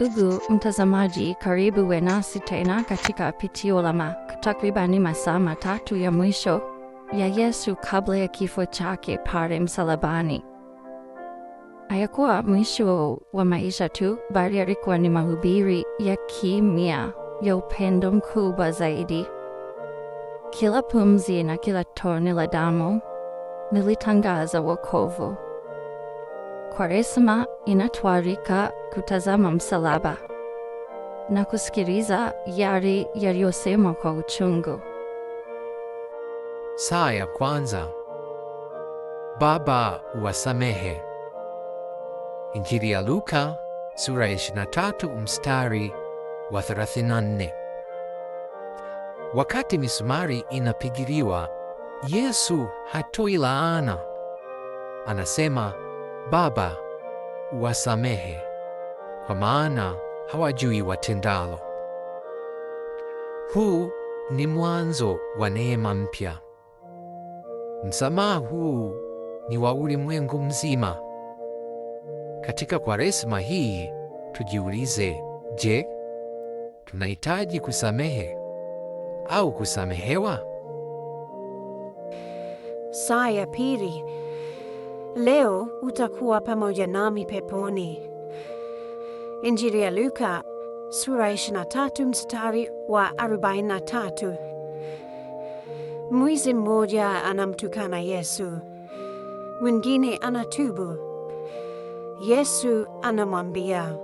Ugu mtazamaji, karibu we nasi tena katika pitio la ma takribani masaa matatu ya mwisho ya Yesu kabla ya kifo chake pale msalabani. Hayakuwa mwisho wa maisha tu, bali alikuwa ni mahubiri ya kimya ya upendo mkubwa zaidi. Kila pumzi na kila tone la damu lilitangaza wokovu. Kwaresma inatuarika kutazama msalaba na kusikiliza yale yaliyosema kwa uchungu. Saa ya kwanza. Baba wasamehe. Injili ya Luka sura ya 23 mstari wa 34. Wakati misumari inapigiliwa, Yesu hatoi laana, anasema Baba, wasamehe kwa maana hawajui watendalo. Huu ni mwanzo wa neema mpya. Msamaha huu ni wa ulimwengu mzima. Katika Kwaresma hii tujiulize, je, tunahitaji kusamehe au kusamehewa? Saa ya pili. Leo utakuwa pamoja nami peponi. Injili ya Luka sura 23 mstari wa 43. Mwizi mmoja anamtukana Yesu, mwingine anatubu. Yesu anamwambia,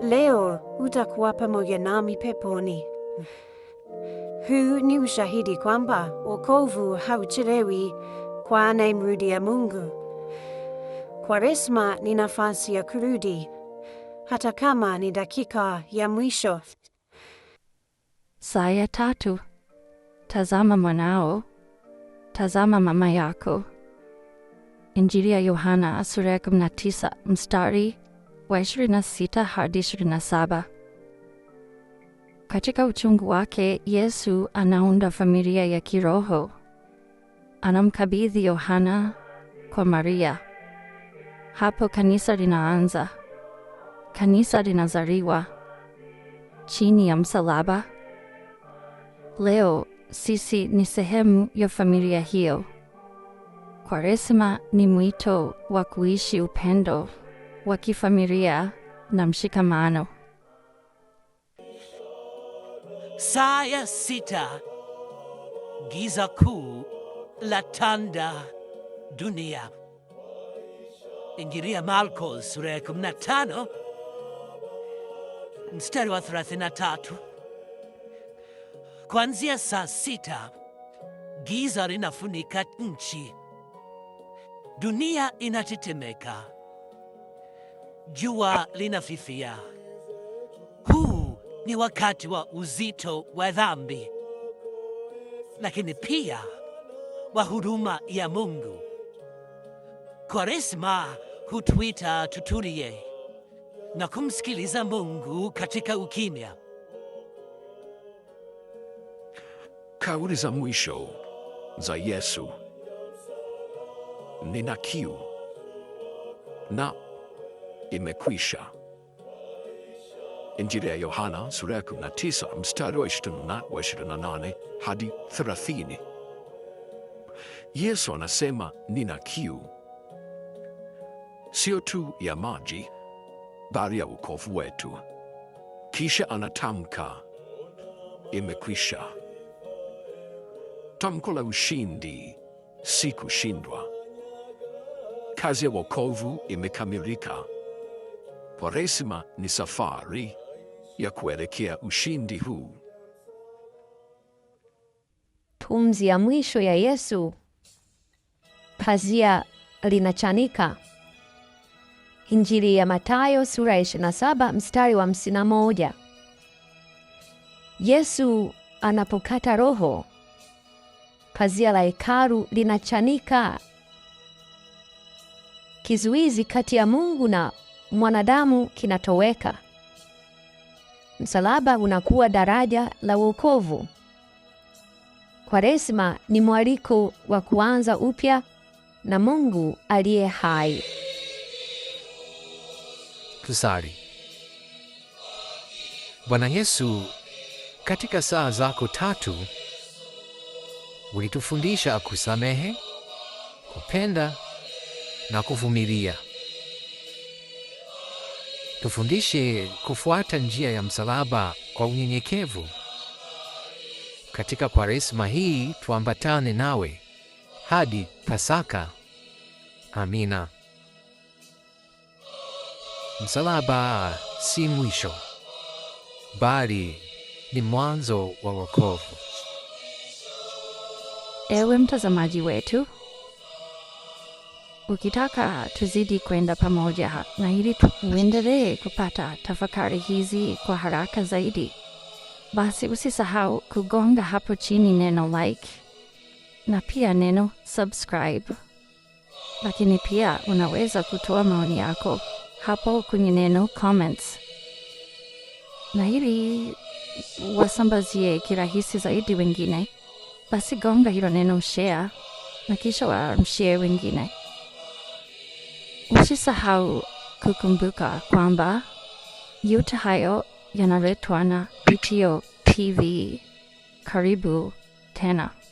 leo utakuwa pamoja nami peponi. Huu ni ushahidi kwamba wokovu hauchelewi, kwa mrudi ya Mungu Kwaresma ni nafasi ya kurudi, hata kama ni dakika ya mwisho. Saya tatu. Tazama mwanao, tazama mama yako. Injili ya Yohana sura ya 19 mstari wa 26 hadi 27. Katika uchungu wake, Yesu anaunda familia ya kiroho. Anamkabidhi Yohana kwa Maria hapo kanisa linaanza. Kanisa linazaliwa chini ya msalaba. Leo sisi ni sehemu ya familia hiyo. Kwaresima ni mwito wa kuishi upendo wa kifamilia na mshikamano. Saa ya sita, giza kuu la tanda dunia ingiria Malko sura ya 15 mstari wa 33 kuanzia saa sita giza linafunika nchi, dunia inatetemeka, jua linafifia. Huu ni wakati wa uzito wa dhambi, lakini pia wa huruma ya Mungu. Kwaresma hutuita tutulie na kumsikiliza Mungu katika ukimya. Kauli za mwisho za Yesu nina kiu na imekwisha. Injili ya Yohana sura ya 19 mstari wa 28 hadi 30. Yesu anasema nina kiu sio tu ya maji, bali ya ukovu wetu. Kisha anatamka imekwisha. Tamko la ushindi, si kushindwa. Kazi ya wokovu imekamilika. Kwaresima ni safari ya kuelekea ushindi huu. Pumzi ya mwisho ya Yesu, pazia linachanika. Injili ya Mathayo sura ya 27 mstari wa 51. Yesu anapokata roho, pazia la hekalu linachanika. Kizuizi kati ya Mungu na mwanadamu kinatoweka. Msalaba unakuwa daraja la wokovu. Kwaresma ni mwaliko wa kuanza upya na Mungu aliye hai. Tusali. Bwana Yesu, katika saa zako tatu ulitufundisha kusamehe, kupenda na kuvumilia. Tufundishe kufuata njia ya msalaba kwa unyenyekevu. Katika Kwaresma hii tuambatane nawe hadi Pasaka. Amina. Msalaba si mwisho, bali ni mwanzo wa wokovu. Ewe mtazamaji wetu, ukitaka tuzidi kwenda pamoja na ili tuendelee kupata tafakari hizi kwa haraka zaidi, basi usisahau kugonga hapo chini neno like na pia neno subscribe, lakini pia unaweza kutoa maoni yako hapo kwenye neno comments, na ili wasambazie kirahisi zaidi wengine, basi gonga hilo neno share na kisha wamshare wengine. Usisahau kukumbuka kwamba yote hayo yanaletwa na PTO TV. Karibu tena.